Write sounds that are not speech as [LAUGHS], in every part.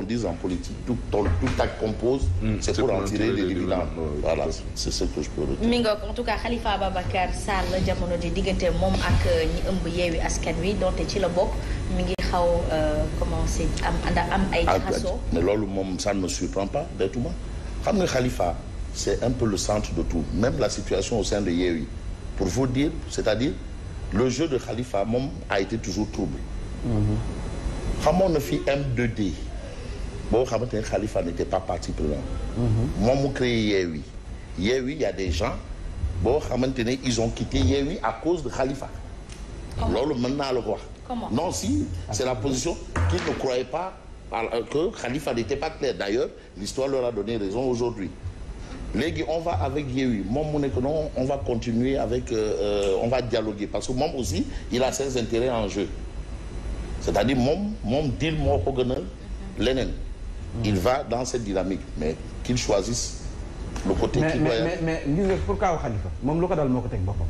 disent dise en politique, tout, ton, tout acte compose hmm, c'est pour en tirer les dividendes. Voilà, c'est ce que je peux retenir. en tout cas Khalifa babacar Sall le di diggante moom ak euh, ñi ëmb ce askan wi donte ci la bokk mi ngi xaw euh, commencé am am ay mais mom, ça ne me surprend pas d'être moi xam nga Khalifa c'est un peu le centre de tout même la situation au sein de yeewi pour vous dire c'est-à-dire le jeu de Khalifa mom, a été toujours trouble. Mm-hmm. on a fi M2D. Bon, Khalifa n'était pas parti parti Moi, mhm. moom créé il y a des gens bon, à ils ont quitté oui à cause de Khalifa. Alors, le naa le roi. non si c'est la position qu'ils ne croyaient pas que Khalifa n'était pas clair d'ailleurs l'histoire leur a donné raison aujourd'hui Les, on va avec Yewwi Moi, mon on va continuer avec euh, euh, on va dialoguer parce que moi aussi il a ses intérêts en jeu c'est-à-dire moi, moi, deal moi Mm. il va dans cette dynamique mais qu'il choisisse le côté qu'il doit mais mais gis nga pour kaaw Khalifa moom lu ko daal moo ko teg boppam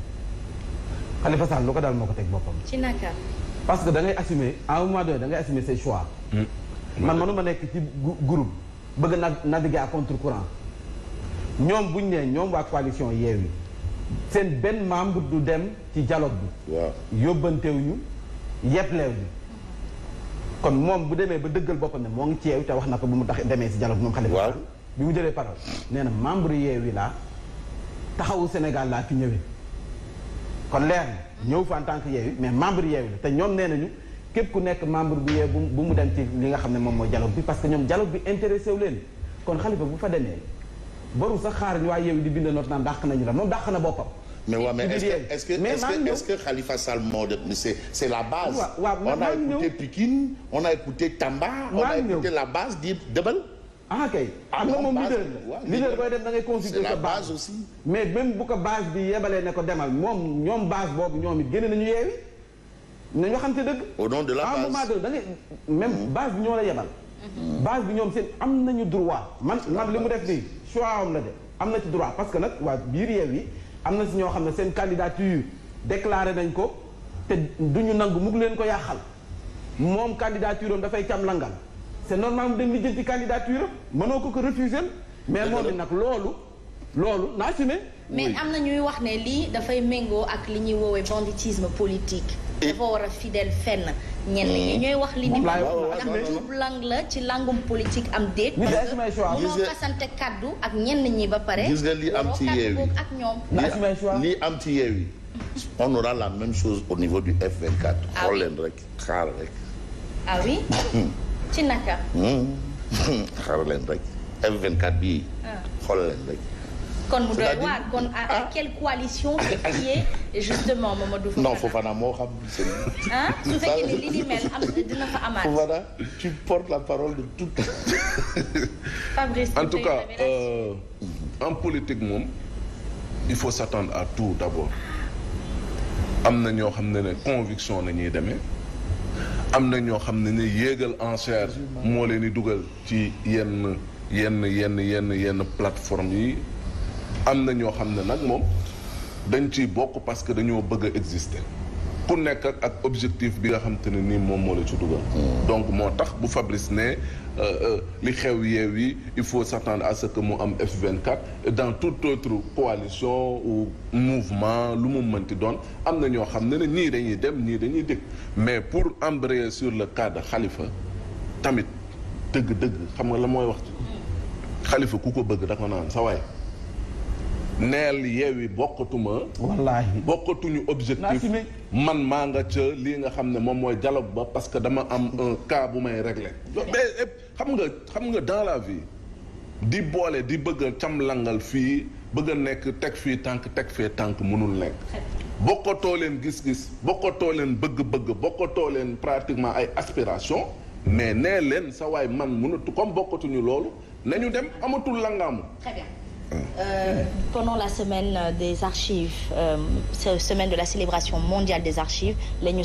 Khalifa Sall lu ko daal moo ko teg ci naka parce que da ngay assumer à un moment donné da ngay assumer ses choix mm. man manuma nekk ci groupe bëgg na naviguer à contre courant ñoom buñ ne ñoom waa coalition Yewwi seen ben membre du dem ci dialogue bi yóbbanteewuñu yepleewuñu kon moom bu demee ba dëggal boppam ne moo ngi ci yeewi te wax na ko bu mu tax demee si dialogue moom Khalifa bi mu jëlee parole nee na membre yeewi laa taxawu Sénégal laa fi ñëwee kon leer na ñëw fa en tant que yeewi mais membre yeewi la te ñoom nee nañu képp ku nekk membre bu yeew bu mu dem ci li nga xam ne moom dialogue bi parce que ñoom dialogue bi intéressé wu leen kon Khalifa bu fa demee baru sax xaar ñu waa yeewi di bind note naan dàq nañu la moom dàq na boppam mais ouais, mais est-ce que est-ce que Khalifa Sall c'est la base. on a écouté Pikine on a écouté Tamba. on a écouté la base de ah ok, ah, ah, leader leader base aussi. mais même si base bi ne demal base au nom de la base mm-hmm. base la mm-hmm. base la de parce que am na si ñoo xam ne seen candidature déclaré nañ ko te du ñu nangu mug leen ko yàqal moom candidature am dafay cam langal c'est normal mu dem lijjanti candidature am mënoo ko ko refuser mais moom it nag loolu loolu naa si ne mais am na ñuy wax ne lii dafay méngoo ak li ñuy woowee banditisme politique dafa war a fidèle fenn ñenn ñi mm. ñooy wax li ni mel ndax tuub lang la ci langum politique am déet parce que munoo xasante kàddu ak ñenn ñi ba pare gis nga li am ci yeew yi ak am ci yeew yi on aura la même chose au niveau du F24 ah xool leen rek xaar rek ah [LAUGHS] ci naka hmm. [LAUGHS] xaar leen rek F24 bii ah. xool leen rek Quand vous à quelle coalition se fier justement non Fofana hein, hein? [LAUGHS] [LAUGHS] tu portes la parole de tout. [LAUGHS] en tout cas euh, en politique il faut s'attendre à tout d'abord am conviction la plateforme am na ñoo xam ne nag moom dañ ci bokk parce que dañoo bëgg existe exister ku nekk ak objectif bi nga xam te ne nii moom moo la ci dugal. Hmm. donc moo tax bu Fabrice ne euh, euh, li xew yeew yi il faut s'attendre à ce que mu am F24 dans toute autre coalition ou mouvement lu mu mënti doon am na ñoo xam ne ne ñii dañuy dem ñii dañuy dikk mais pour embrayer sur le cas xalifa tamit dëgg-dëgg xam nga la mooy wax ci Khalifa ku ko bëgg da ko naan sa waay. neel yeewi bokkatuma wallaahi bokkatuñu objectif man maa nga ca lii nga xam ne moom mooy dialogue ba parce que dama am ca bu may régler mais xam nga xam nga dans la vie di boole di bëgg cam langal fii bëgg nekk teg fii tànk teg fee tànk mënul nekk bokkatoo leen gis-gis bokkatoo leen bëgg-bëgg bokkatoo leen pratiquement ay aspiration mais nee leen sa waay man mënatu comme bokkatuñu loolu nañu dem amatul langaamu Euh, pendant la semaine euh, des archives, euh, semaine de la célébration mondiale des archives, les nous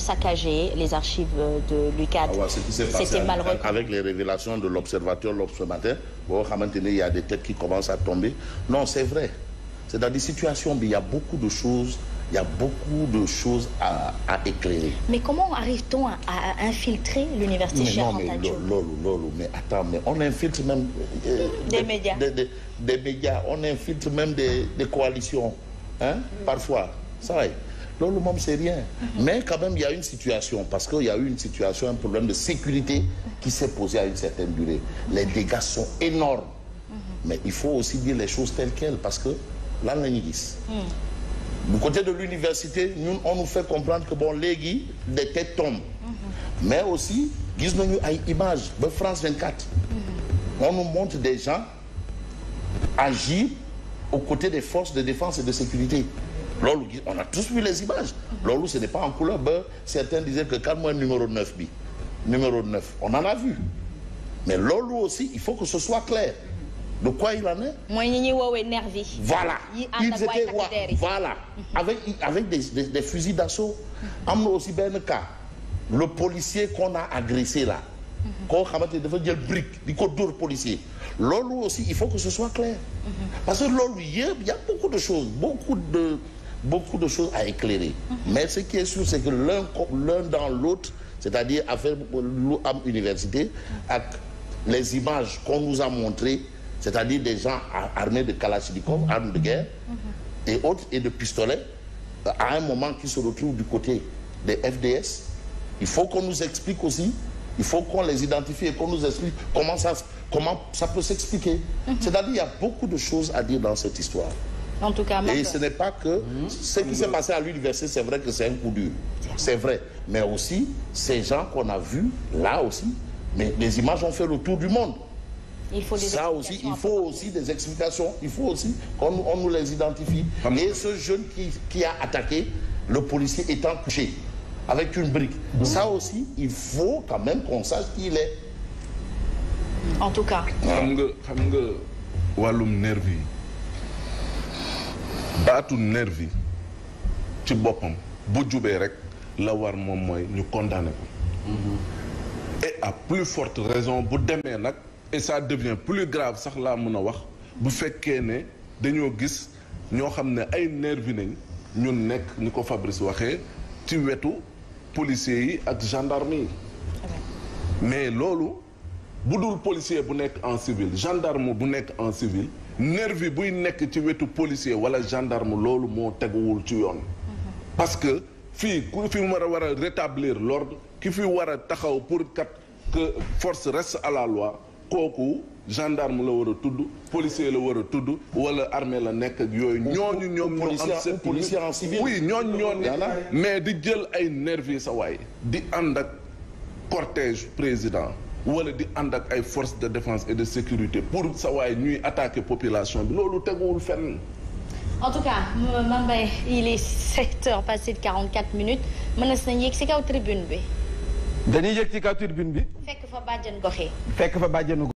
les archives de l'UCAD. Ah c'était avec, les révélations de l'observateur l'observateur. il y a des têtes qui commencent à tomber. Non, c'est vrai. C'est dans des situations où il y a beaucoup de choses il y a beaucoup de choses à, éclairer. Mais comment arrive-t-on à, infiltrer l'université Non, mais lolo, lolo, mais attends, mais on infiltre même... Euh, des, médias. Des, médias, on infiltre même des, coalitions, hein, mm. parfois, ça va. Lolo, même, c'est rien. Mm-hmm. Mais quand même, il y a une situation, parce qu'il y a eu une situation, un problème de sécurité qui s'est posé à une certaine durée. Les dégâts sont énormes. Mm-hmm. Mais il faut aussi dire les choses telles quelles, parce que là, on du côté de l'université, nous, on nous fait comprendre que bon, les des têtes tombent. Mais aussi, nous avons une image de France 24. On nous montre des gens agir aux côtés des forces de défense et de sécurité. on a tous vu les images. Lolo, ce n'est pas en couleur. certains disaient que calme numéro 9, numéro 9. On en a vu. Mais Lolo aussi, il faut que ce soit clair de quoi il en est voilà ils étaient voilà mhm. avec avec des fusils d'assaut aussi bien cas le policier qu'on a agressé là qu'on on fait dafa jël brique policier aussi il faut que ce soit clair mhm. parce que loolu il y a beaucoup de choses beaucoup de beaucoup de choses à éclairer mhm. mais ce qui est sûr c'est que l'un dans l'autre c'est-à-dire à l'université, avec les images qu'on nous a montrées c'est-à-dire des gens armés de Kalachnikov, mhm. armes de guerre, mhm. et autres, et de pistolets, euh, à un moment qui se retrouvent du côté des FDS. Il faut qu'on nous explique aussi, il faut qu'on les identifie et qu'on nous explique comment ça, comment ça peut s'expliquer. Mhm. C'est-à-dire qu'il y a beaucoup de choses à dire dans cette histoire. En tout cas, Et ce n'est pas que ce qui s'est passé à l'université, c'est vrai que c'est un coup dur. C'est vrai. Mais aussi, ces gens qu'on a vus, là aussi, mais les images ont fait le tour du monde. Il faut des Ça aussi, il faut aussi des explications. Il faut aussi qu'on on nous les identifie. Ah et ce jeune qui, a attaqué, le policier étant couché avec une brique. Mm-hmm. Ça aussi, il faut quand même qu'on sache qui il est. En tout cas. walum nervi baatu nervi ci bopam. bu la war moom moi ñu condamnons. Mm-hmm. et à plus forte raison bu demee et ça devient plus grave sax la mëna wax bu féké né dañoo gis ño xamné ay nervi nañ ñun nekk ni Fabrice waxé ci wétu policier yi ak gendarme mais lolu bu policier bu nekk en civil gendarme bu nekk en civil nervi buy nekk ci wétu policier wala gendarme lolu mo teguwul ci yoon parce que fi ku fi mara wara rétablir l'ordre ki fi wara taxaw pour kat que force reste à la loi kooku gendarme la wara tudd policier la wara tudd wala armée la nek ak yoy ñooñu ñoom ñoo am sa policier en civil oui ñooñu ñoo mais di jël ay nervi sa waay di ànd ak cortège président wala di ànd ak ay forces de défense et de sécurité pour sa waay ñuy attaquer population bi lolu teguwul fenn en tout cas mambay il est 7 heures passé de 44 minutes mën na si nañ yéeg si kaw tribune bi dañuy yëg ci kaw turbine bi. fekk fa bàjjenu gox fekk fa bàjjenu